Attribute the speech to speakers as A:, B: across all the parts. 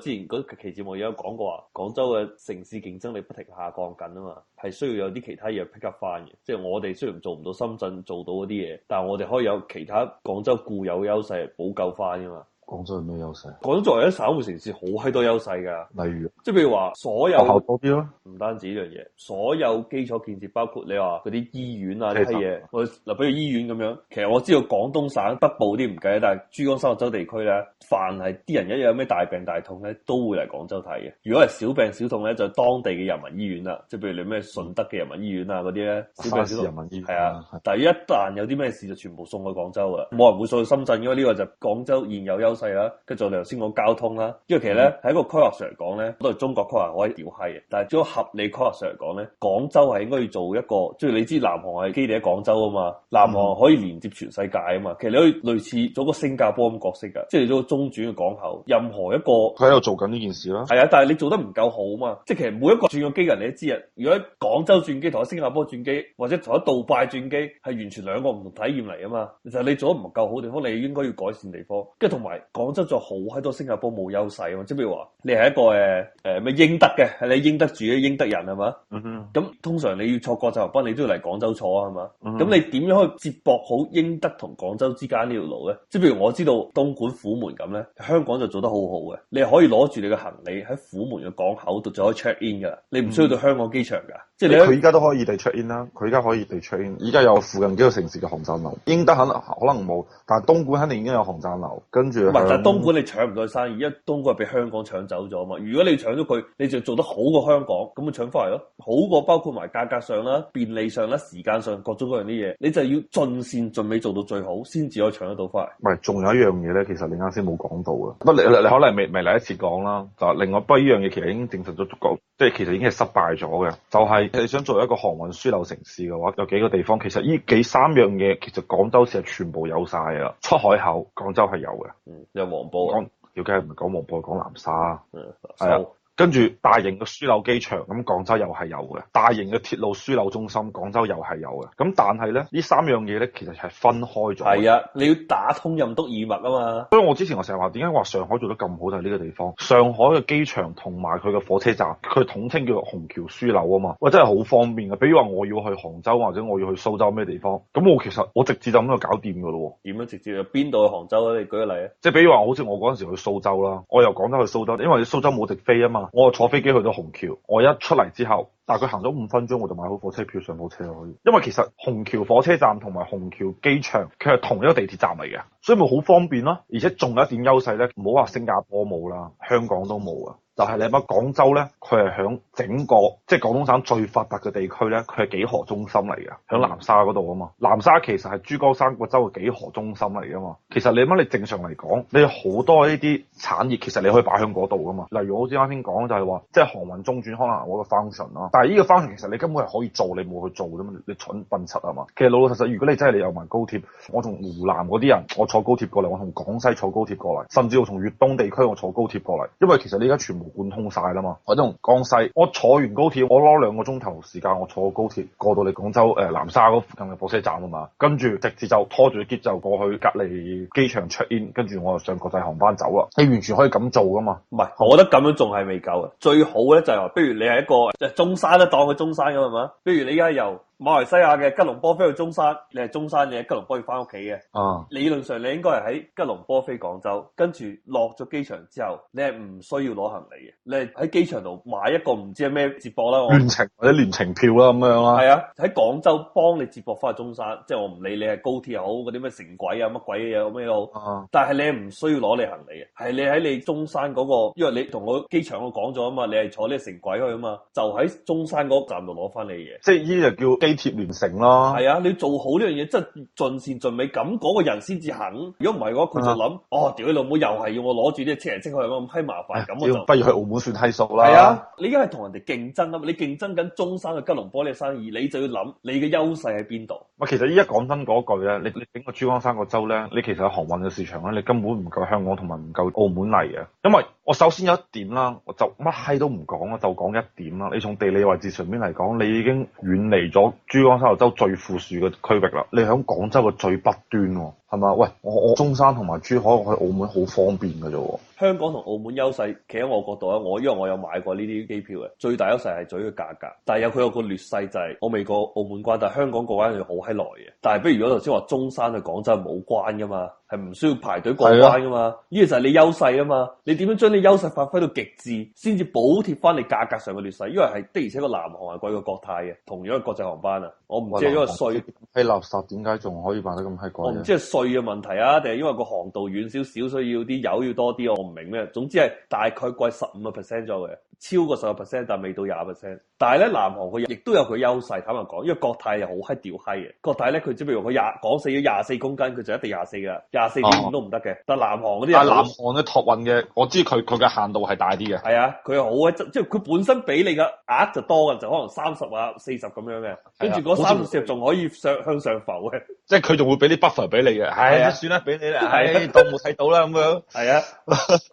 A: 之前嗰期節目有講過話，廣州嘅城市競爭力不停下降緊啊嘛，係需要有啲其他嘢 pick up 翻嘅，即係我哋雖然做唔到深圳做到嗰啲嘢，但係我哋可以有其他廣州固有優勢補救翻噶嘛。廣州有咩優勢？廣州作為一個省會城市，好閪多優勢噶。例如，即係譬如話所有，多啲咯，唔單止呢樣嘢，所有基礎建設，包括你話嗰啲醫院啊呢啲嘢。嗱十，比如醫院咁樣，其實我知道廣東省北部啲唔計，但係珠江三角洲地區咧，凡係啲人一有咩大病大痛咧，都會嚟廣州睇嘅。如果係小病小痛咧，就當地嘅人民醫院啦，即係譬如你咩順德嘅人民醫院啊嗰啲咧，啊、呢三四 小病小痛人民醫院係啊。但係一旦有啲咩事，就全部送去廣州嘅，冇人會送去深圳，因為呢個就廣州現有優。係啦，跟住我哋頭先講交通啦，因為其實咧喺、嗯、一個規劃上嚟講咧，都度中國規劃可以屌閪嘅，但係最合理規劃上嚟講咧，廣州係應該要做一個，即係你知南航係基地喺廣州啊嘛，南航可以連接全世界啊嘛，其實你可以類似做個新加坡咁角色㗎，即係你做個中轉嘅港口，任何一個佢喺度
B: 做緊呢件事啦。係啊，
A: 但係你做得唔夠好啊嘛，即係其實每一個轉用機人你都知啊，如果喺廣州轉機同喺新加坡轉機，或者同喺杜拜轉機係完全兩個唔同體驗嚟啊嘛，就係你做得唔夠好地方，你應該要改善地方，跟住同埋。廣州就好喺多新加坡冇優勢啊！即譬如話、呃，你係一個誒誒咩英德嘅，係你英德住嘅英德人係嘛？咁、mm hmm. 通常你要坐國際航班，你都要嚟廣州坐啊，係嘛？咁、mm hmm. 你點樣可以接駁好英德同廣州之間呢條路咧？即譬如我知道東莞虎門咁咧，香港就做得好好嘅，你可以攞住你嘅行李喺虎門嘅港口度就可以 check in 噶啦，你唔需要到
B: 香港機場噶。Mm hmm. 即係佢依家都可以地 check in 啦，佢依家可以地 check in，依家有附近幾個城市嘅航站樓，英德可能可能冇，但係東莞肯定已經有航站樓，跟住。但係東莞你搶唔
A: 到生意，因為東莞係被香港搶走咗啊嘛！如果你搶咗佢，你就做得好過香港，咁咪搶翻嚟咯，好過包括埋價格上啦、便利上啦、時間上各種各樣啲嘢，你就要盡善盡美做到最好，先至可以搶得到翻
B: 嚟。唔係，仲有一樣嘢咧，其實你啱先冇講到啊，不你你可能未未嚟一次講啦，就另外不一樣嘢其實已經證實咗足夠。即係其實已經係失敗咗嘅，就係、是、你想作為一個航運樞紐城市嘅話，有幾個地方其實呢幾三樣嘢，其實廣州市係全部有曬嘅。出海口，廣州係有嘅，有、嗯黃，啊、黃埔。講要梗係唔係講黃埔，講南沙，係、嗯嗯、啊。跟住大型嘅樞紐機場，咁廣州又係有嘅；大型嘅鐵路樞紐中心，廣州又係有嘅。咁但係呢，呢三樣嘢呢，其實係分開咗。係啊，你要打通任督二脈啊嘛。所以我之前我成日話，點解話上海做得咁好，就係呢個地方。上海嘅機場同埋佢嘅火車站，佢統稱叫做虹橋樞紐啊嘛。喂，真係好方便啊！比如話我要去杭州或者我要去蘇州咩地方，咁我其實我直接就咁就搞掂㗎咯。點樣直接去邊度去杭州啊？你舉個例啊？即係比如話，好似我嗰陣時去蘇州啦，我由廣州去蘇州，因為蘇州冇直飛啊嘛。我坐飛機去到虹橋，我一出嚟之後，大概行咗五分鐘，我就買好火車票上部車去。因為其實虹橋火車站同埋虹橋機場佢係同一個地鐵站嚟嘅，所以咪好方便咯。而且仲有一點優勢呢，唔好話新加坡冇啦，香港都冇啊。但係、就是、你諗下廣州咧，佢係響整個即係廣東省最發達嘅地區咧，佢係幾何中心嚟嘅？響南沙嗰度啊嘛，南沙其實係珠江三角洲嘅幾何中心嚟噶嘛。其實你諗？你正常嚟講，你好多呢啲產業，其實你可以擺喺嗰度噶嘛。例如我啱先講就係話，即係航運中轉可能我個 function 啦。但係呢個 function 其實你根本係可以做，你冇去做啫嘛。你蠢笨柒啊嘛。其實老老實實，如果你真係你有埋高鐵，我從湖南嗰啲人，我坐高鐵過嚟，我從廣西坐高鐵過嚟，甚至我從粵東地區我坐高鐵過嚟，因為其實你而家全部，貫通晒啦嘛！或者我從江西，我坐完高鐵，我攞兩個鐘頭時,時間，我坐高鐵過到你廣州誒、呃、南沙嗰附近嘅火車站啊嘛，跟住直接就拖住啲節奏就過去隔離機場 check in，跟住我就上國際航班走啦。你、欸、完全可以咁做噶嘛？唔係，我覺得咁樣仲係未夠啊！
A: 最好咧就係、話，不如你係一個即係中山咧，當佢中山咁啊嘛。不如你而家由。馬來西亞嘅吉隆坡飛去中山，你係中山你喺吉隆坡要翻屋企嘅。哦、啊，理論上你應該係喺吉隆坡飛廣州，跟住落咗機場之後，你係唔需要攞行李嘅。你係喺機場度買一個唔知係咩接駁啦，聯程或者聯
B: 程票啦咁樣咯。係啊，
A: 喺廣、啊、州幫你接駁翻去中山，即係我唔理你係高鐵又好，嗰啲咩城軌啊，乜鬼嘢有咩好？啊、但係你係唔需要攞你行李嘅，係你喺你中山嗰、嗰個，因為你同我機場我講咗啊嘛，你係坐呢個城軌去啊嘛，就喺中山嗰站度攞翻你嘢。
B: 即係呢啲就叫。地鐵連成咯，係啊，你做好呢樣嘢真係
A: 盡善盡美，咁嗰個人先至肯。如果唔係嘅話，佢就諗：啊、哦，屌你老母，又係要我攞住啲車嚟蒸佢，咁閪麻煩，咁、哎、我就不如去澳
B: 門算閪數啦。係啊，
A: 你而家係同人哋競爭啊嘛，你競爭緊中山嘅吉隆坡呢個生意，你就要諗你嘅優勢喺邊度。
B: 其實依家講真嗰句咧，你你整個珠江三角洲咧，你其實喺航運嘅市場咧，你根本唔夠香港同埋唔夠澳門嚟嘅，因為我首先有一點啦，我就乜閪都唔講啦，就講一點啦，你從地理位置上面嚟講，你已經遠離咗珠江三角洲最富庶嘅區域啦，你喺廣州嘅最北端喎、哦。係嘛？喂，我我中山同埋珠海去澳門好方便嘅啫。
A: 香港同澳門優勢，企喺我角度咧，我因為我有買過呢啲機票嘅，最大優勢係在嘅價格。但係有佢有個劣勢就係、是，我未過澳門關，但係香港過關要好閪耐嘅。但係不如我頭先話中山去廣州冇關噶嘛，係唔需要排隊過關噶嘛？呢個、啊、就係你優勢啊嘛。你點樣將你優勢發揮到極致，先至補貼翻你價格上嘅劣勢？因為係的而且確南航係貴過國泰嘅，同樣嘅國際航班啊，我唔借嗰個稅。
B: 啲垃圾點解仲可以辦得咁閪貴？
A: 我嘅問題啊，定係因為個航道遠少少，所以要啲油要多啲，我唔明咩，總之係大概貴十五個 percent 咗嘅。超過十個 percent，但係未到廿 percent。但係咧，南航佢亦都有佢優勢。坦白講，因為國泰又好閪屌閪嘅，國泰咧佢即係譬如佢廿講死咗廿四公斤，佢就一定廿四嘅，廿四點五都唔得嘅。但係南航嗰啲，但南
B: 航咧託運嘅，我知佢佢嘅限度係大啲嘅。係啊，
A: 佢好閪即係佢本身俾你嘅額就多嘅，就可能三十啊、四十咁樣嘅。跟住嗰三四十仲可以上向上浮嘅，
B: 即係佢仲會俾啲 buffer 俾你嘅、er。係啊，啊，算啦，
A: 俾你啦，係當冇睇到啦咁樣。係啊，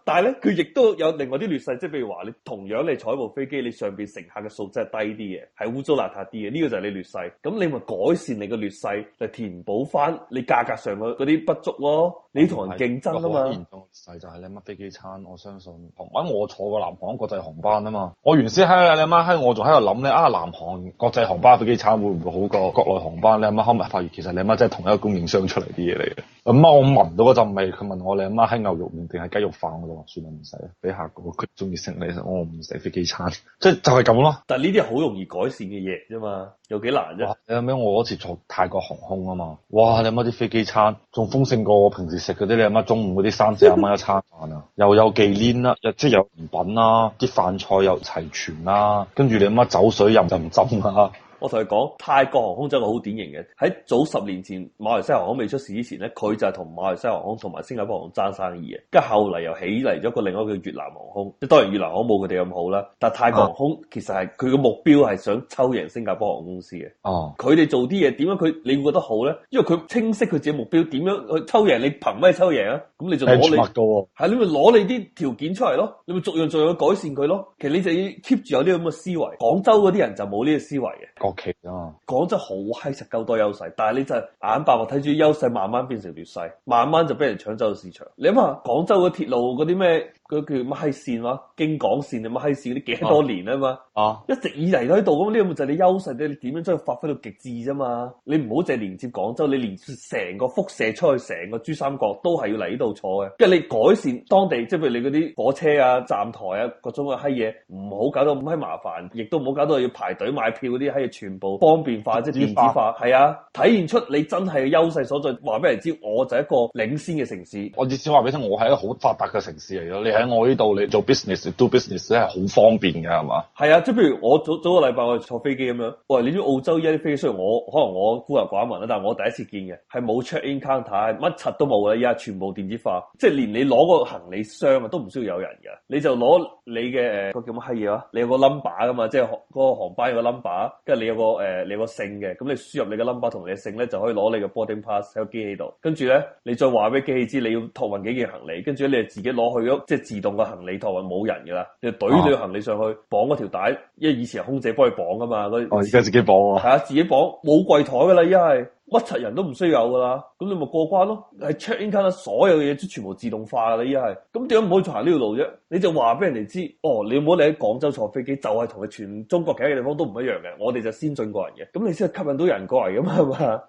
A: 但係咧佢亦都有另外啲劣勢，即係譬如話你同樣。如果你坐部飛機，你上邊乘客嘅素質係低啲嘅，係污糟邋遢啲嘅，呢、這個就係你劣勢。咁你咪改善你個劣勢，就填補翻
B: 你價格上嗰啲不足咯、哦。你同人競爭啊嘛。嚴重、嗯嗯嗯、就係、是、你乜飛機餐，我相信同，因為我坐過南航國際航班啊嘛。我原先喺你阿媽喺我仲喺度諗咧啊，南航國際航班飛機餐會唔會好過國內航班？你阿媽開埋發現，其實你阿媽真係同一個供應商出嚟啲嘢嚟嘅。阿媽，我聞到個陣味，佢問我：你阿媽喺牛肉麵定係雞肉飯？我就話：算啦，唔使啦，俾下個佢中意食你。我唔食飛機餐，即係就係咁咯。但係呢啲好容易改善嘅嘢啫嘛，有幾難啫、啊？你諗下，我嗰次坐泰國航空啊嘛，哇！你阿媽啲飛機餐仲豐盛過我平時食嗰啲？你阿媽中午嗰啲三四十蚊一餐飯啊？ 又有忌廉啦、啊，又即係有甜品啦、啊，啲飯菜又齊全啦、啊，跟住你阿媽酒水又唔浸。啊？我同你講，泰國航空真係一個好典型嘅。喺早十年前，馬來
A: 西亞航空未出事之前咧，佢就係同馬來西亞航空同埋新加坡航空爭生意嘅。跟住後嚟又起嚟咗一個另外一個越南航空，即係當然越南航空冇佢哋咁好啦。但係泰國航空其實係佢嘅目標係想抽贏新加坡航空公司嘅。哦、啊，佢哋做啲嘢點樣？佢你會覺得好咧？因為佢清晰佢自己目標點樣去抽贏你，憑咩抽贏啊？咁你就攞、嗯、你係係、嗯、你咪攞你啲條件出嚟咯。你咪逐樣逐樣去改善佢咯。其實你就要 keep 住有啲咁嘅思維。廣州嗰啲人就冇呢個思維嘅。期啊！廣州好閪實，夠多優勢，但係你就係眼白白睇住優勢，慢慢變成劣勢，慢慢就俾人搶走市場。你諗下，廣州嘅鐵路嗰啲咩？佢叫乜閪線喎？京港線，線多多啊，乜閪線嗰啲幾多年啊嘛？啊，一直以嚟都喺度咁，呢個就係你優勢，你點樣將佢發揮到極致啫嘛？你唔好淨係連接廣州，你連成個輻射出去，成個珠三角都係要嚟呢度坐嘅。即係你改善當地，即係譬如你嗰啲火車啊、站台啊、各種嘅閪嘢，唔好搞到咁閪麻煩，亦都唔好搞到要排隊買票嗰啲閪嘢，全部方便化，化即係電子化。係啊，體現出你真係有優勢所在。話俾人知，我就係一個領先嘅城市。我意思話俾你聽，我係一個好發達嘅城市嚟咯，你喺我
B: 呢度你做 business do business 咧係好方便嘅係嘛？
A: 係啊，即係譬如我早早個禮拜我坐飛機咁樣，喂！你知澳洲依家啲飛機雖然我可能我孤陋寡聞啦，但係我第一次見嘅係冇 check in counter，乜七都冇嘅，依家全部電子化，即係連你攞個行李箱啊都唔需要有人嘅，你就攞你嘅誒個叫乜閪嘢啊？你有個 number 噶嘛，即係嗰個航班有個 number，跟住你有個誒、呃、你個姓嘅，咁你輸入你嘅 number 同你嘅姓咧就可以攞你嘅 boarding pass 喺個機器度，跟住咧你再話俾機器知你要託運幾件行李，跟住咧你就自己攞去咗即。自動嘅行李託運，或冇人噶啦，你就懟你個行李上去，綁嗰條帶，因為以前係空姐幫佢綁噶嘛，佢哦，而家自己綁啊，係啊，自己綁，冇櫃台噶啦，依係，乜柒人都唔需要有噶啦，咁你咪過關咯，係 check in 卡啦，counter，所有嘢都全部自動化噶啦，依係，咁點解唔可以坐呢條路啫？你就話俾人哋知，哦，你唔好你喺廣州坐飛機，就係同佢全中國其他嘅地方都唔一樣嘅，我哋就先進過人嘅，咁你先係吸引到人過嚟嘛，係嘛。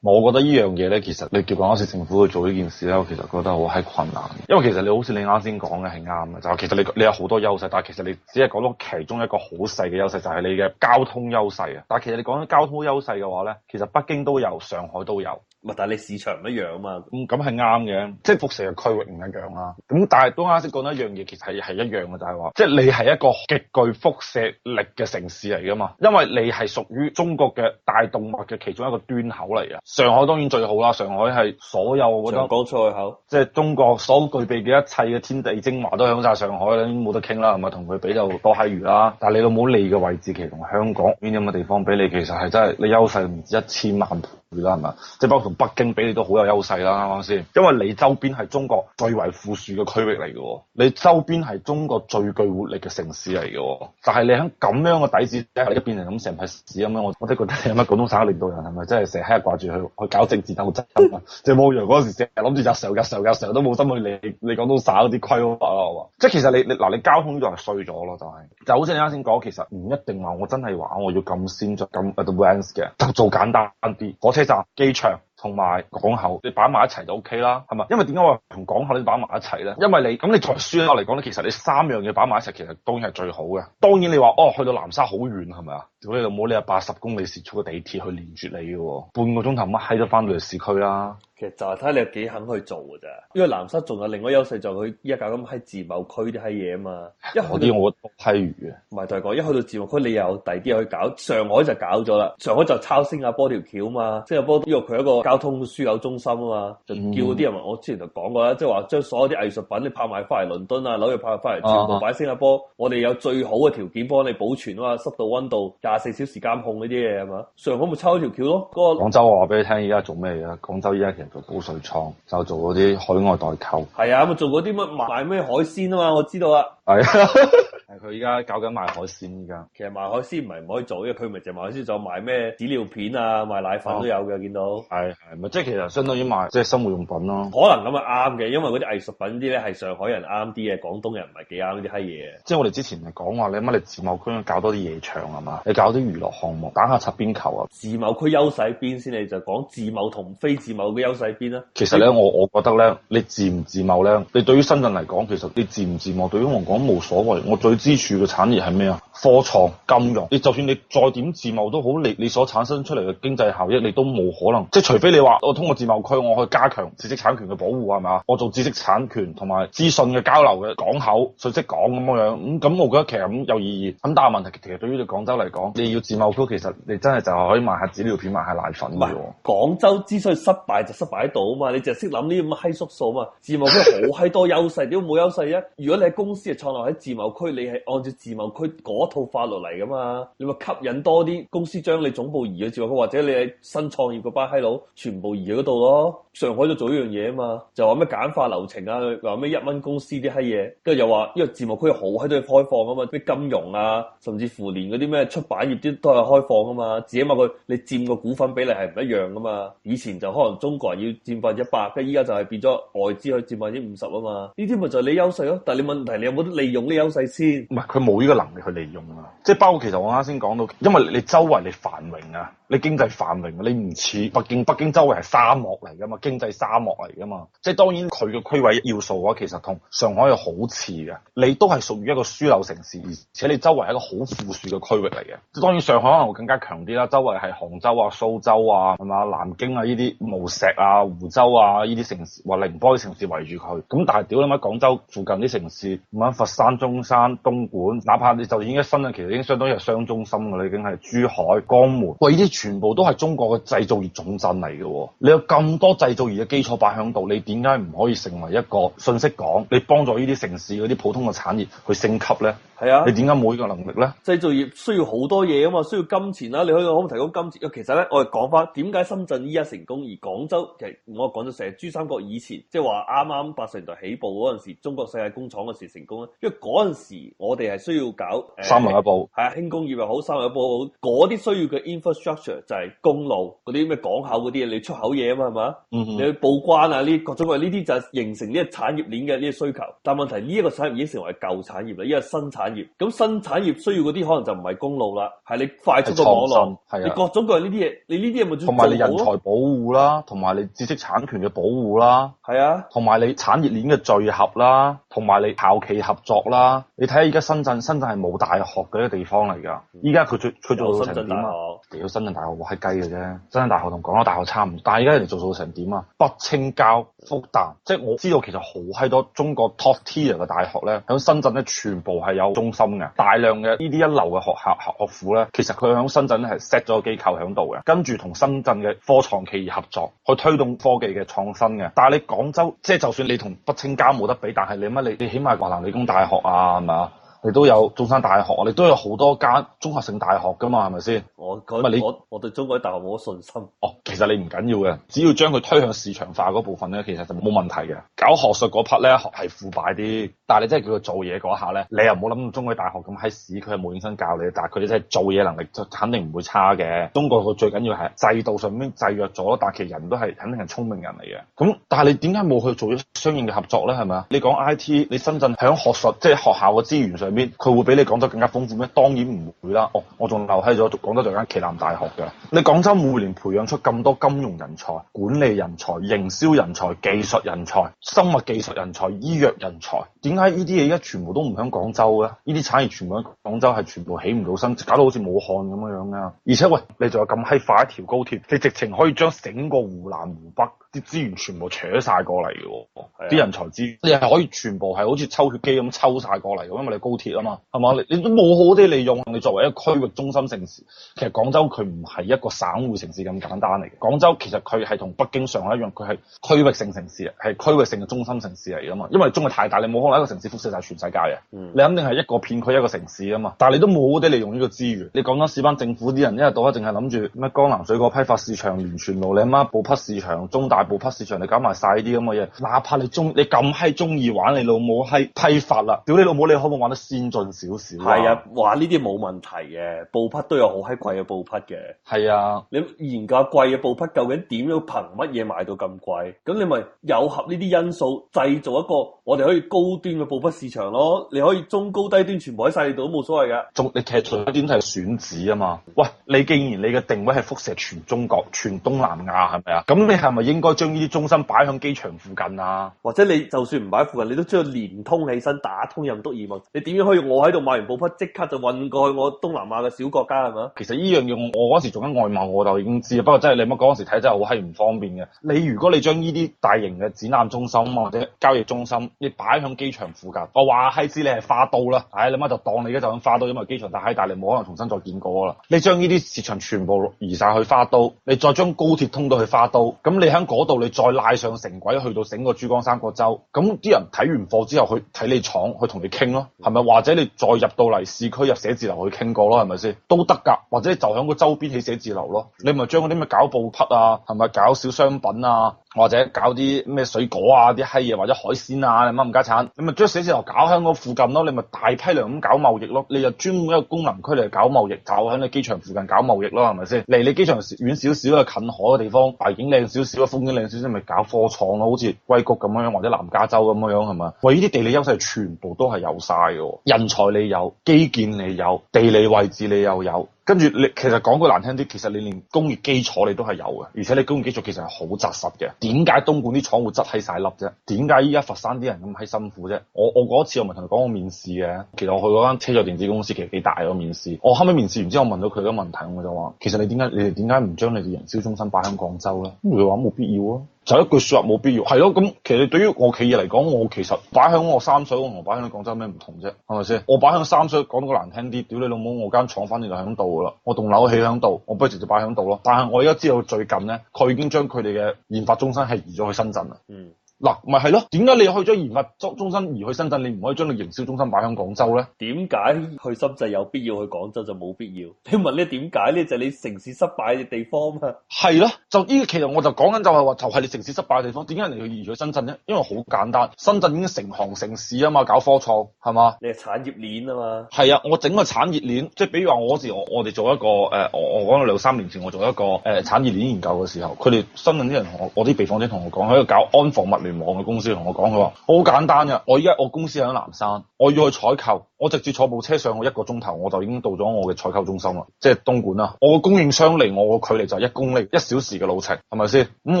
B: 我覺得依樣嘢咧，其實你叫廣州市政府去做呢件事呢，我其實覺得好喺困難。因為其實你好似你啱先講嘅係啱嘅，就係、是、其實你你有好多優勢，但係其實你只係講到其中一個好細嘅優勢，就係、是、你嘅交通優勢。但係其實你講緊交通優勢嘅話呢，其實北京都有，上海都有。但係你市場唔一，嗯、一樣啊嘛，咁咁係啱嘅，即係輻射嘅區域唔一樣啦。咁但係都啱先講一樣嘢，其實係一樣嘅，就係、是、話，即係你係一個極具輻射力嘅城市嚟噶嘛，因為你係屬於中國嘅大動脈嘅其中一個端口嚟嘅。上海當然最好啦，上海係所有我覺得講出去口，即係中國所具備嘅一切嘅天地精華都喺晒上海啦，冇得傾啦，係咪同佢比就多閪餘啦？但係你咁好利嘅位置，其實同香港邊啲咁嘅地方比你，你其實係真係你優勢唔止一千萬倍啦，係咪？即係包括同北京俾你都好有優勢啦，啱啱先？因為你周邊係中國最為富庶嘅區域嚟嘅，你周邊係中國最具活力嘅城市嚟嘅。但係你喺咁樣嘅底子底下，你一變成咁成匹屎咁樣，我我都覺得你乜廣東省嘅領導人係咪真係成日喺度掛住去去搞政治鬥爭啊？ 即係冇人嗰時成日諗住就成日受嘅，成日都冇心去理你廣東省嗰啲規劃咯。即係其實你你嗱，你交通呢度係衰咗咯，就係、係、就好似你啱先講，其實唔一定話我真係話我要咁先進咁 advanced 嘅。advanced，就做簡單啲，火車站、機場。同埋港口，你擺埋一齊就 O K 啦，係嘛？因為點解話同港口你擺埋一齊咧？因為你咁你讀書咧嚟講咧，其實你三樣嘢擺埋一齊，其實當然係最好嘅。當然你話哦，去到南沙好遠係咪啊？如果你老母你個八十公里設坐個地鐵去連住你嘅喎，半個鐘頭乜閪都翻到去市區啦。其實就係睇下你有幾肯去做嘅啫。因為南沙仲有另外優勢就係佢依家搞緊喺
A: 自貿區啲閪嘢啊嘛。一我啲我都閪魚嘅，唔係同你講，一去到自貿區你又第二啲又去搞。上海就搞咗啦，上海就抄新加坡條橋啊嘛，即係波呢個佢一個。交通樞紐中心啊嘛，就叫啲人、嗯、我之前就講過啦，即係話將所有啲藝術品你拍賣翻嚟倫敦啊，紐約拍賣翻嚟，全部擺喺新加坡，啊啊、我哋有最好嘅條件幫你保存啊嘛，濕度溫度廿四小時監控嗰啲嘢係嘛？上海咪抽一條
B: 橋咯，嗰、嗰個廣州話俾你聽，而家做咩嘢啊？廣州而家其實做保稅倉，就做嗰啲海外代購，係
A: 啊，咪做嗰啲乜賣咩海鮮啊嘛，我知道啊。係，係佢依家搞緊賣海鮮，依家其實賣海鮮唔係唔可以做，因為佢咪就賣海鮮，再賣咩紙尿片啊，賣奶粉都有嘅，啊、見到。係係、啊，咪、就是、即係其實相當於賣即係
B: 生活用品咯、啊。
A: 可能咁啊啱嘅，因為嗰啲藝術品啲咧係上海人啱啲嘅，廣東人唔係幾啱啲閪嘢。
B: 即係我哋之前咪講話，你乜你自貿區搞多啲夜場啊嘛，你搞啲娛樂項目，打下擦邊球啊。自
A: 貿區優勢邊先？你就講自貿同非自貿嘅優勢邊啊？其
B: 實咧，我但我覺得咧，你自唔自貿咧，你對於深圳嚟講，其實你自唔自貿，對於我講。咁冇所謂，我最支柱嘅產業係咩啊？科創、金融，你就算你再點自貿都好，你你所產生出嚟嘅經濟效益，你都冇可能，即係除非你話我通過自貿區，我可以加強知識產權嘅保護，係咪啊？我做知識產權同埋資訊嘅交流嘅港口、信息港咁樣，咁、嗯、咁我覺得其實咁有意義。咁大係問題其實對於你廣州嚟講，你要自貿區，其實你真係就係可以賣下紙尿片、賣下奶粉嘅、哦。唔係，廣州之所以失敗
A: 就失敗喺度啊嘛，你淨係識諗呢啲咁嘅閪縮數啊嘛。自貿區好閪多優勢，點解冇優勢啊？如果你係公司創立喺自貿區，你係按照自貿區嗰套法律嚟噶嘛？你咪吸引多啲公司將你總部移咗自貿區，或者你係新創業個班閪佬全部移咗嗰度咯。上海都做一樣嘢啊嘛，就話咩簡化流程啊，話咩一蚊公司啲閪嘢，跟住又話因為自貿區好閪都要開放啊嘛，咩金融啊，甚至乎連嗰啲咩出版業啲都係開放啊嘛。自因為佢你佔個股份比例係唔一樣噶嘛，以前就可能中國人要佔百分之一百，跟依家就係變咗外資去佔百分之五十啊嘛。呢啲咪就係你優勢咯、啊，但係你問
B: 題你有冇？利用啲優勢先，唔係佢冇依個能力去利用啊，即係包括其實我啱先講到，因為你周圍你繁榮啊。你經濟繁榮，你唔似北京。北京周圍係沙漠嚟噶嘛，經濟沙漠嚟噶嘛。即係當然佢嘅區位要素嘅話，其實同上海係好似嘅。你都係屬於一個樞紐城市，而且你周圍係一個好富庶嘅區域嚟嘅。當然上海可能會更加強啲啦，周圍係杭州啊、蘇州啊、係嘛、南京啊呢啲無錫啊、湖州啊呢啲城市或寧波啲城市圍住佢。咁但係屌你媽！廣州附近啲城市，咁樣佛山、中山、東莞，哪怕你就已經新嘅，其實已經相當於係雙中心㗎啦，已經係珠海、江門，為啲。全部都係中國嘅製造業重鎮嚟嘅，你有咁多製造業嘅基礎擺響度，你點解唔可以成為一個信息港，你幫助呢啲城市嗰啲普通嘅產業去升級咧？
A: 係啊，你點解冇呢個能力咧？製造業需要好多嘢啊嘛，需要金錢啦、啊。你可，可以可唔可以提供金錢？其實咧，我哋講翻點解深圳依家成功，而廣州其實我講咗成日，珠三角以前即係話啱啱八十年代起步嗰陣時，中國世界工廠嗰時成功咧，因為嗰陣時我哋係需要搞、呃、三來一補，係啊，輕工業又好，三來一補又好，嗰啲需要嘅 infrastructure 就係公路嗰啲咩港口嗰啲嘢，你出口嘢啊嘛，係嘛？嗯嗯，你去報關啊，你各種各樣呢啲就係形成呢個產業鏈嘅呢個需求。但問題呢一、呢個產業已經成為舊產業啦，因為生產業。咁新產業需要嗰啲，可能就唔係公路啦，係你快速嘅網絡，係啊。你各種各樣呢啲嘢，你呢啲有冇同埋你人才
B: 保護啦，同埋你知識產權嘅保護啦，係啊的，同埋你產業鏈嘅聚合啦，同埋你校企合作啦。你睇下，而家深圳深圳係冇大學嘅一個地方嚟㗎。依家佢最佢做到成點啊？其實深圳大學，閪雞嘅啫。深圳大學同廣州大學差唔多，但係而家人做做到成點啊？北清交復旦，即係、就是、我知道其實好閪多中國 top tier 嘅大學咧，響深圳咧全部係有。中心嘅大量嘅呢啲一流嘅學校學學府咧，其實佢響深圳咧係 set 咗機構響度嘅，跟住同深圳嘅科創企業合作，去推動科技嘅創新嘅。但係你廣州，即係，就算你同北清交冇得比，但係你乜你你起碼華南理工大學啊，係咪啊？你都有中山大學，你都有好多間綜合性大學噶嘛，係咪
A: 先？我我我對中國大學冇信心。
B: 哦，其實你唔緊要嘅，只要將佢推向市場化嗰部分咧，其實就冇問題嘅。搞學術嗰 part 咧，係腐敗啲，但係你真係叫佢做嘢嗰下咧，你又冇諗到中國大學咁喺市，佢係冇乜教你，但係佢哋真係做嘢能力就肯定唔會差嘅。中國佢最緊要係制度上面制約咗，但係其實人都係肯定係聰明人嚟嘅。咁但係你點解冇去做相應嘅合作咧？係咪啊？你講 IT，你深圳響學術即係學校嘅資源上。佢會比你廣州更加豐富咩？當然唔會啦。哦，我仲留喺咗廣州讀緊暨南大學嘅。你廣州每年培養出咁多金融人才、管理人才、營銷人才、技術人才、生物技術人才、醫藥人才。點解呢啲嘢而家全部都唔響廣州嘅？呢啲產業全部喺廣州係全部起唔到身，搞到好似武漢咁樣樣啊！而且喂，你仲有咁閪快一條高鐵，你直情可以將整個湖南、湖北啲資源全部扯晒過嚟嘅，啲的人才資源你係可以全部係好似抽血機咁抽晒過嚟嘅，因為你高鐵啊嘛，係嘛？你你都冇好啲利用你作為一個區域中心城市，其實廣州佢唔係一個省會城市咁簡單嚟嘅。廣州其實佢係同北京、上海一樣，佢係區域性城市，係區域性嘅中心城市嚟㗎嘛。因為中國太大，你冇可能。一個城市輻射晒全世界嘅，嗯、你肯定係一個片區一個城市啊嘛。但係你都冇得利用呢個資源。你講緊市班政府啲人一日到黑淨係諗住咩江南水果批發市場完全，蓮泉路你阿媽布匹市場、中大布匹市場，你搞埋晒啲咁嘅嘢。哪怕你中你咁閪中意玩你老母閪批發啦，屌你老母你可唔可以玩得先進少少？係啊，
A: 玩呢啲冇問題嘅，布匹都有好閪貴嘅布匹嘅。係啊，你研究貴嘅布匹究竟點樣憑乜嘢賣到咁貴？咁你咪糅合呢啲因素，製造一個我哋可以高端嘅布匹市場
B: 咯。你可以中高低端全部喺晒你度都冇所謂嘅。中你其實重點係選址啊嘛。喂，你既然你嘅定位係輻射全中國、全東南亞，係咪啊？咁你係咪應該將呢啲中心擺向機場附近啊？或者你就算唔擺喺附近，你都將佢連通起身，打通任督二脈。你點樣可以我喺度買完布匹，即刻就運過去我東南亞嘅小國家，係咪？其實呢樣嘢我我嗰時做緊外貿，我就已經知啊。不過真係你乜講嗰時睇真係好閪唔方便嘅。你如果你將呢啲大型嘅展覽中心啊，或者交易中心，你擺響機場場附近，我話閪知你係花都啦，哎，你媽就當你而家就咁花都，因為機場大閪，但你冇可能重新再見過啦。你將呢啲市場全部移晒去花都，你再將高鐵通到去花都，咁你喺嗰度你再拉上城軌去到整個珠江三角洲，咁啲人睇完貨之後去睇你廠去同你傾咯，係咪？或者你再入到嚟市區入寫字樓去傾過咯，係咪先？都得㗎，或者你就喺個周邊起寫字樓咯，你咪將嗰啲咩搞布匹啊，係咪搞小商品啊？或者搞啲咩水果啊，啲閪嘢或者海鮮啊，你乜冚家鏟，你咪將寫字樓搞喺嗰附近咯，你咪大批量咁搞貿易咯，你就專門一個功能區嚟搞貿易，搞喺你機場附近搞貿易咯，係咪先？離你機場遠少少嘅近海嘅地方，大景靚少少，風景靚少少，咪搞貨倉咯，好似硅谷咁樣，或者南加州咁樣，係咪？喂，呢啲地理優勢全部都係有晒嘅，人才你有，基建你有，地理位置你又有。跟住你，其實講句難聽啲，其實你連工業基礎你都係有嘅，而且你工業基礎其實係好扎實嘅。點解東莞啲廠戶擠廠會執起晒笠啫？點解依家佛山啲人咁喺辛苦啫？我我嗰次我咪同佢講我面試嘅，其實我去嗰間車載電子公司其實幾大個面試，我後尾面試完之後問到佢個問題，我就話其實你點解你哋點解唔將你哋營銷中心擺喺廣州咧？佢話冇必要啊。就一句説話冇必要，係咯，咁其實對於我企業嚟講，我其實擺響我三水，我，我擺同擺響廣州有咩唔同啫，係咪先？我擺響三水講到個難聽啲，屌 你老母，我間廠返嚟就喺度噶啦，我棟樓起喺度，我不如直接擺喺度咯。但係我而家知道最近咧，佢已經將佢哋嘅研發中心係移咗去深圳啦。嗯。嗱，咪係咯？點解你去咗將研發中中心移去深圳，你唔可以將你營銷中心擺響廣州咧？點解去深圳有必要，去廣州就冇必要？你問咧，點解咧？就係你城市失敗嘅地方啊！係咯，就呢其實我就講緊就係話，就係你城市失敗嘅地方。點解你要移去移咗深圳咧？因為好簡單，深圳已經成行成市啊嘛，搞科創係嘛？你係產業鏈啊嘛？係啊，我整個產業鏈，即係比如話我嗰時我我哋做一個誒、呃，我我講到兩三年前我做一個誒、呃、產業鏈研究嘅時候，佢哋深圳啲人同我啲被訪者同我講喺度搞安防物聯網嘅公司同我講，佢話好簡單嘅，我依家我公司喺南山，我要去採購，我直接坐部車上我一個鐘頭，我就已經到咗我嘅採購中心啦，即係東莞啦。我個供應商離我，我嘅距離就係一公里、一小時嘅路程，係咪先？咁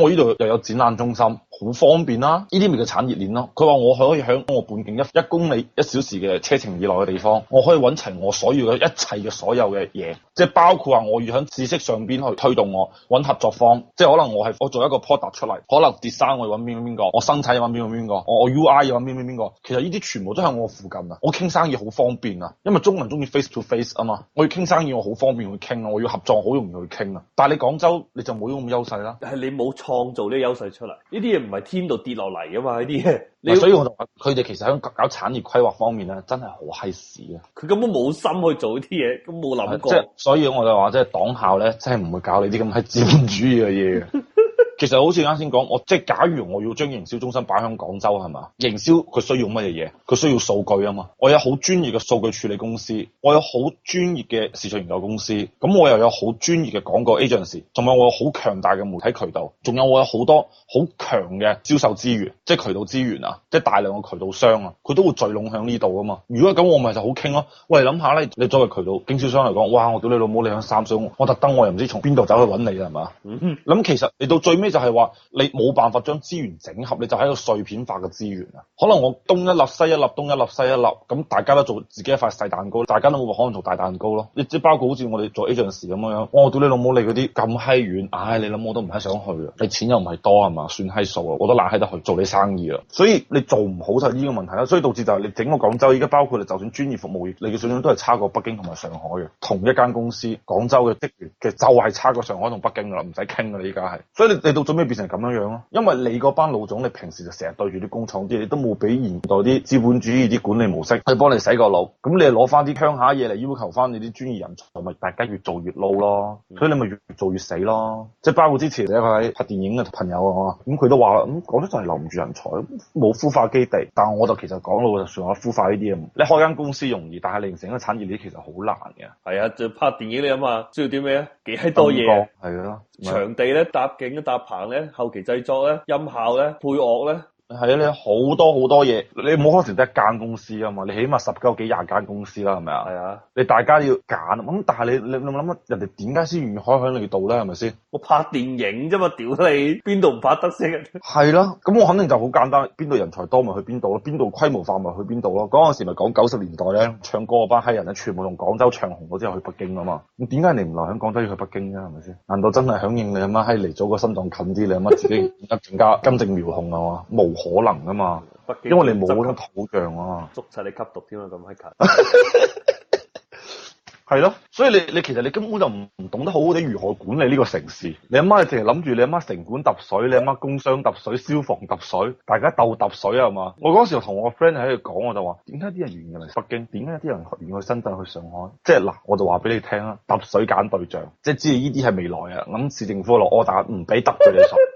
B: 我呢度又有展覽中心，好方便啦、啊。呢啲咪叫產業鏈咯？佢話我可以響我半徑一一公里、一小時嘅車程以內嘅地方，我可以揾齊我所要嘅一切嘅所有嘅嘢，即係包括話我要響知識上邊去推動我揾合作方，即係可能我係我做一個 product 出嚟，可能 design 我要揾邊邊個。我生產又揾邊個邊個？我我 UI 又揾邊邊邊個？其實呢啲全部都喺我附近啊！我傾生意好方便啊，因為中國人中意 face to face 啊嘛。我要傾生意，我好方便去傾；我要合作，好容易去傾啊。但係你廣州你就冇咁優勢啦。但係你冇創造呢啲優勢出嚟，呢啲嘢唔係天度跌落嚟啊嘛！呢啲嘢，你所以我就話佢哋其實喺搞產業規劃方
A: 面咧，真係好閪屎啊！佢根本冇心去做呢啲嘢，都冇諗過。即係、就是，
B: 所以我就話，即係黨校咧，真係唔會搞呢啲咁閪資本主義嘅嘢。 其實好似啱先講，我即係假如我要將營銷中心擺喺廣州係嘛？營銷佢需要乜嘢嘢？佢需要數據啊嘛！我有好專業嘅數據處理公司，我有好專業嘅市場研究公司，咁我又有好專業嘅廣告 agency，同埋我有好強大嘅媒體渠道，仲有我有好多好強嘅銷售資源，即係渠道資源啊，即係大量嘅渠道商啊，佢都會聚攏喺呢度啊嘛！如果咁我咪就好傾咯。喂，諗下咧，你作為渠道經銷商嚟講，哇！我屌你老母，你喺三水，我特登我又唔知從邊度走去揾你係嘛？嗯嗯哼。咁其實你到最尾。呢就係話你冇辦法將資源整合，你就係一個碎片化嘅資源啊。可能我東一粒西一粒，東一粒西一粒，咁大家都做自己一塊細蛋糕，大家都冇可能做大蛋糕咯。你即包括好似我哋做 agency 咁樣，我屌你老母，你嗰啲咁閪遠，唉、哎，你諗我都唔係想去啊。你錢又唔係多係嘛，算閪數啊，我都懶閪得去做你生意啊。所以你做唔好就係呢個問題啦。所以導致就係、是、你整個廣州而家，包括你就算專業服務業，你嘅水準都係差過北京同埋上海嘅。同一間公司，廣州嘅職員其實就係、是、差過上海同北京噶啦，唔使傾啦，依家係。所以你。到最尾變成咁樣樣咯，因為你嗰班老總，你平時就成日對住啲工廠啲，你都冇俾現代啲資本主義啲管理模式去幫你洗個腦，咁你又攞翻啲鄉下嘢嚟要求翻你啲專業人才，咪大家越做越老咯，所以你咪越做越死咯。即係包括之前你喺拍電影嘅朋友啊，咁佢都話咁，咁、嗯、就係留唔住人才，冇孵化基地。但係我就其實講咯，就算話孵化呢啲嘢，你開間公司容易，但係你形成一個產業鏈其實好難嘅。係啊，就拍電影你諗下，需要
A: 啲咩啊？幾多嘢？係咯。場地咧、搭景、搭棚咧、後期製作咧、音
B: 效咧、配樂咧。係啊，你好多好多嘢，你冇可能成得一間公司啊嘛，你起碼十鳩幾廿間公司啦，係咪啊？係啊的，你大家要揀，咁但係你你你諗諗啊，人哋點解先願意開響你度咧？係咪先？我拍電影啫嘛，屌你，邊度唔拍得先？係咯，咁我肯定就好簡單，邊度人才多咪去邊度咯，邊度規模化咪去邊度咯。嗰陣時咪講九十年代咧，唱歌嗰班閪人咧，全部從廣州唱紅咗之後去北京啊嘛。咁點解你唔留響廣州要去北京啫？係咪先？難道真係響應你阿媽閪嚟咗個心臟近啲，你阿媽自己變得更加根正苗紅啊嘛？冇可能啊嘛，北京因為你冇嗰啲土壤啊嘛，捉晒你吸毒添啊，咁閪近，係咯，所以你你其實你根本就唔唔懂得好好地如何管理呢個城市。你阿媽淨係諗住你阿媽城管揼水，你阿媽工商揼水，消防揼水，大家鬥揼水啊嘛。 我嗰時同我 friend 喺度講，我就話：點解啲人願意嚟北京？點解啲人願意去深圳、去上海？即係嗱，我就話俾你聽啦，揼水揀對象，即係知呢啲係未來啊。咁市政府落柯打，唔俾揼佢哋水。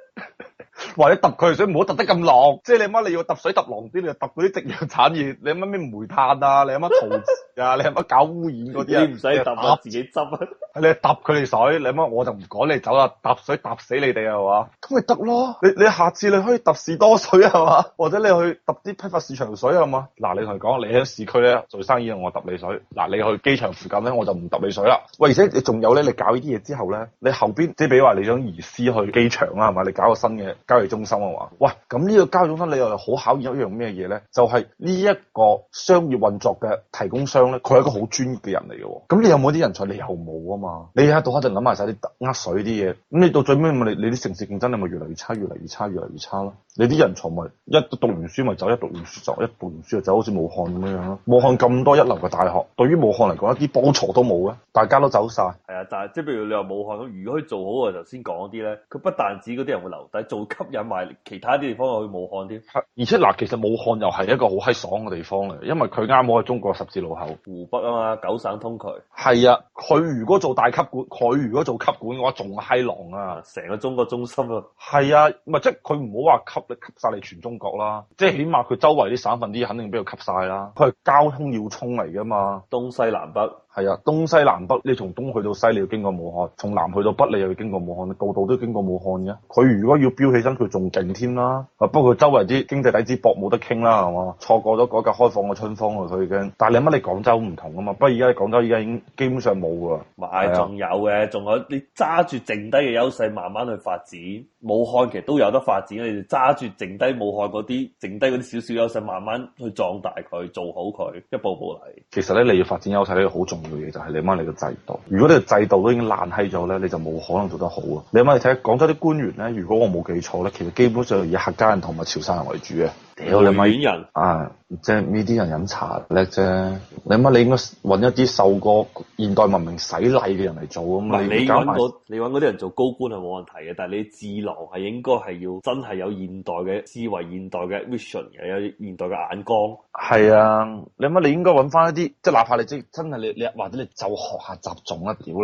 B: 話你揼佢所以唔好揼得咁狼。即係你媽，你要揼水揼狼啲，你就揼嗰啲夕陽產業。你媽咩煤炭啊，你乜陶。 啊！你係乜搞污染嗰啲啊？你唔使揼，自己執啊！你揼佢哋水，你乜我就唔趕你走啦！揼水揼死你哋啊，係嘛？咁咪得咯！你你下次你可以揼士多水係嘛？或者你去揼啲批發市場水係嘛？嗱，你同佢講，你喺市區咧做生意，我揼你水；嗱，你去機場附近咧，我就唔揼你水啦。喂，而且你仲有咧，你搞呢啲嘢之後咧，你後邊即係比如話你想移師去機場啦，係嘛？你搞個新嘅交易中心啊嘛？喂，咁呢個交易中心你又好考驗一樣咩嘢咧？就係呢一個商業運作嘅提供商。佢係一個好專業嘅人嚟嘅、哦，咁你有冇啲人才？你又冇啊嘛！你喺到黑陣諗埋曬啲呃水啲嘢，咁你到最尾你你啲城市競爭力咪越嚟越差，越嚟越差，越嚟越差啦？你啲人才咪一讀完書咪走，一讀完書走，一讀完書就走，走，好似武漢咁樣樣咯。武漢咁多一流嘅大學，對於武漢嚟講一啲幫助都冇嘅，大家都走晒，
A: 係啊，但係即係譬如你話武漢如果佢做好我頭先講啲咧，佢不但止嗰啲人會留低，係做吸引埋
B: 其他啲地方去武漢添。而且嗱，其實武漢又係一個好閪爽嘅地方嚟，因為佢啱好喺中國十字路口。湖北啊嘛，九省通渠。係啊，佢如果做大吸管，佢如果做吸管嘅話，仲閪狼啊，成個中國中心啊。係啊，咪，即係佢唔好話吸。你吸曬你全中國啦，即係起碼佢周圍啲省份啲肯定俾佢吸曬啦。佢係交通要衝嚟㗎嘛，東西南北。係啊，東西南北，你從東去到西，你要經過武漢；從南去到北，你又要經過武漢，你度度都經過武漢嘅。佢如果要飆起身，佢仲勁添啦。不過佢周圍啲經濟底子薄，冇得傾啦，係嘛？錯過咗改革開放嘅春風啊，佢已經。但係乜你廣州唔同啊嘛？不過而家你廣州依家已經基本上冇啦。咪仲有嘅，
A: 仲有你揸住剩低嘅優勢，慢慢去發展。武漢其實都有得發展，你揸住剩低武漢嗰啲剩低嗰啲少少優勢，慢慢去壯大佢，做好佢，
B: 一步步嚟。其實咧，你要發展優勢咧，好重要。嘢就係你問你嘅制度，如果你嘅制度都已經爛閪咗咧，你就冇可能做得好啊！你問你睇下廣州啲官員咧，如果我冇記錯咧，其實基本上以客家人同埋潮汕人為主嘅，屌、呃、你咪演人啊！呃即係呢啲人飲茶叻啫，你諗下，你應該揾一啲受過現代文明洗禮嘅人嚟做啊嘛？你揾嗰
A: 你揾嗰啲人做高官係冇問題嘅，但係你智囊係應該係要真係有
B: 現代嘅思維、現代嘅 vision 嘅，有現代嘅眼光。係啊，你諗下，你應該揾翻一啲，即係哪怕你即真係你你或者你就學下習種啊。屌你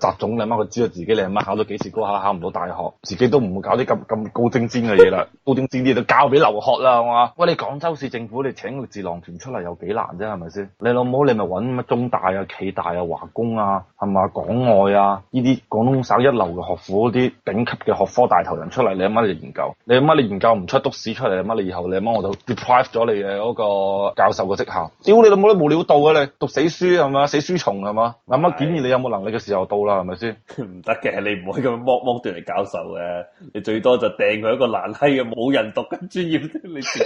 B: 習種，你媽佢知道自己你媽考到幾次高考考唔到大學，自己都唔會搞啲咁咁高精尖嘅嘢啦，高精尖啲嘢都交俾留學啦。我話喂，你廣州市政府。我哋請個智囊團出嚟有幾難啫、啊，係咪先？你老母，你咪揾乜中大啊、暨大啊、華工啊，係嘛廣外啊？呢啲廣東省一流嘅學府，啲頂級嘅學科大頭人出嚟，你阿媽嚟研究？你阿媽你研究唔出篤屎出嚟？乜你，你以後你阿媽我就 deprive 咗你嘅嗰個教授嘅職銜？屌你老母都你無料到嘅你，讀死書係嘛死書蟲係嘛？阿媽檢驗你有冇能力嘅時候到啦，係咪先？唔得嘅，你唔可以咁剝剝斷你教授嘅，你最多就掟佢一個難閪嘅冇人讀嘅專業。你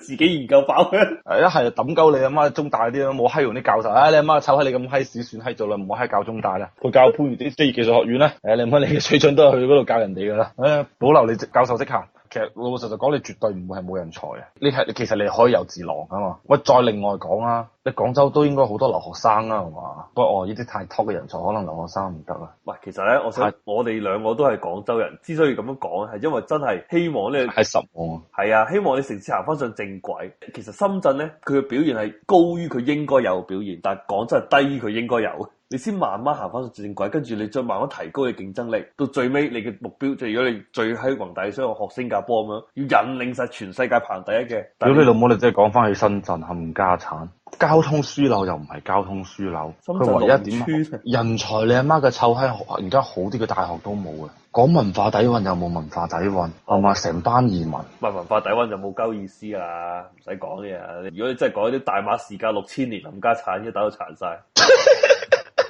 B: 自己研究飽，係一係抌鳩你阿媽中大啲咯，冇閪用啲教授，唉你阿媽炒起你咁閪屎，算閪做啦，唔好閪教中大啦，去教番禺啲職業技術學院啦，唉你阿媽你嘅水準都係去嗰度教人哋噶啦，唉保留你教授職銜。其實老老實實講，你絕對唔會係冇人才嘅。你係，其實你可以有智囊噶嘛。我再另外講啦，你廣州都應該好多留學生啦，係嘛？不過哦，呢啲太 top 嘅人才，可能留學生
A: 唔得啦。喂，其實咧，我想是我哋兩個都係廣州人，之所以咁樣講，係因為真係希望呢，係失望。係啊，希望你城市行翻上正軌。其實深圳咧，佢嘅表現係高於佢應該有表現，但係廣州係低於佢應該有。你先慢慢行翻正軌，跟住你再慢慢提高你競爭力。到最尾，你嘅目標就如果你最喺宏大，想學學新
B: 加坡咁樣，要引領晒全世界排第一嘅。屌你老母，你真係講翻去深圳冚家產，交通樞紐又唔係交通樞紐。深圳一點人才，你阿媽嘅臭閪學，而家好啲嘅大學都冇嘅。講文化底蘊又冇文化底蘊，同埋成班移民。
A: 係文化底蘊就冇鳩意思啊！唔使講嘢啊！如果你真係講啲大馬士革六千年冚家產，一打到殘晒。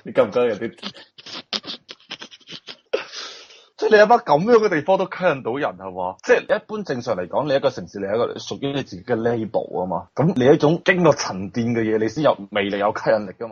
A: 你夠
B: 唔夠有啲？即 係你有把咁樣嘅地方都吸引到人係嘛？即係、就是、一般正常嚟講，你一個城市你係一個屬於你自己嘅 label 啊嘛。咁你一種經過沉澱嘅嘢，你先有魅力有吸引力㗎嘛。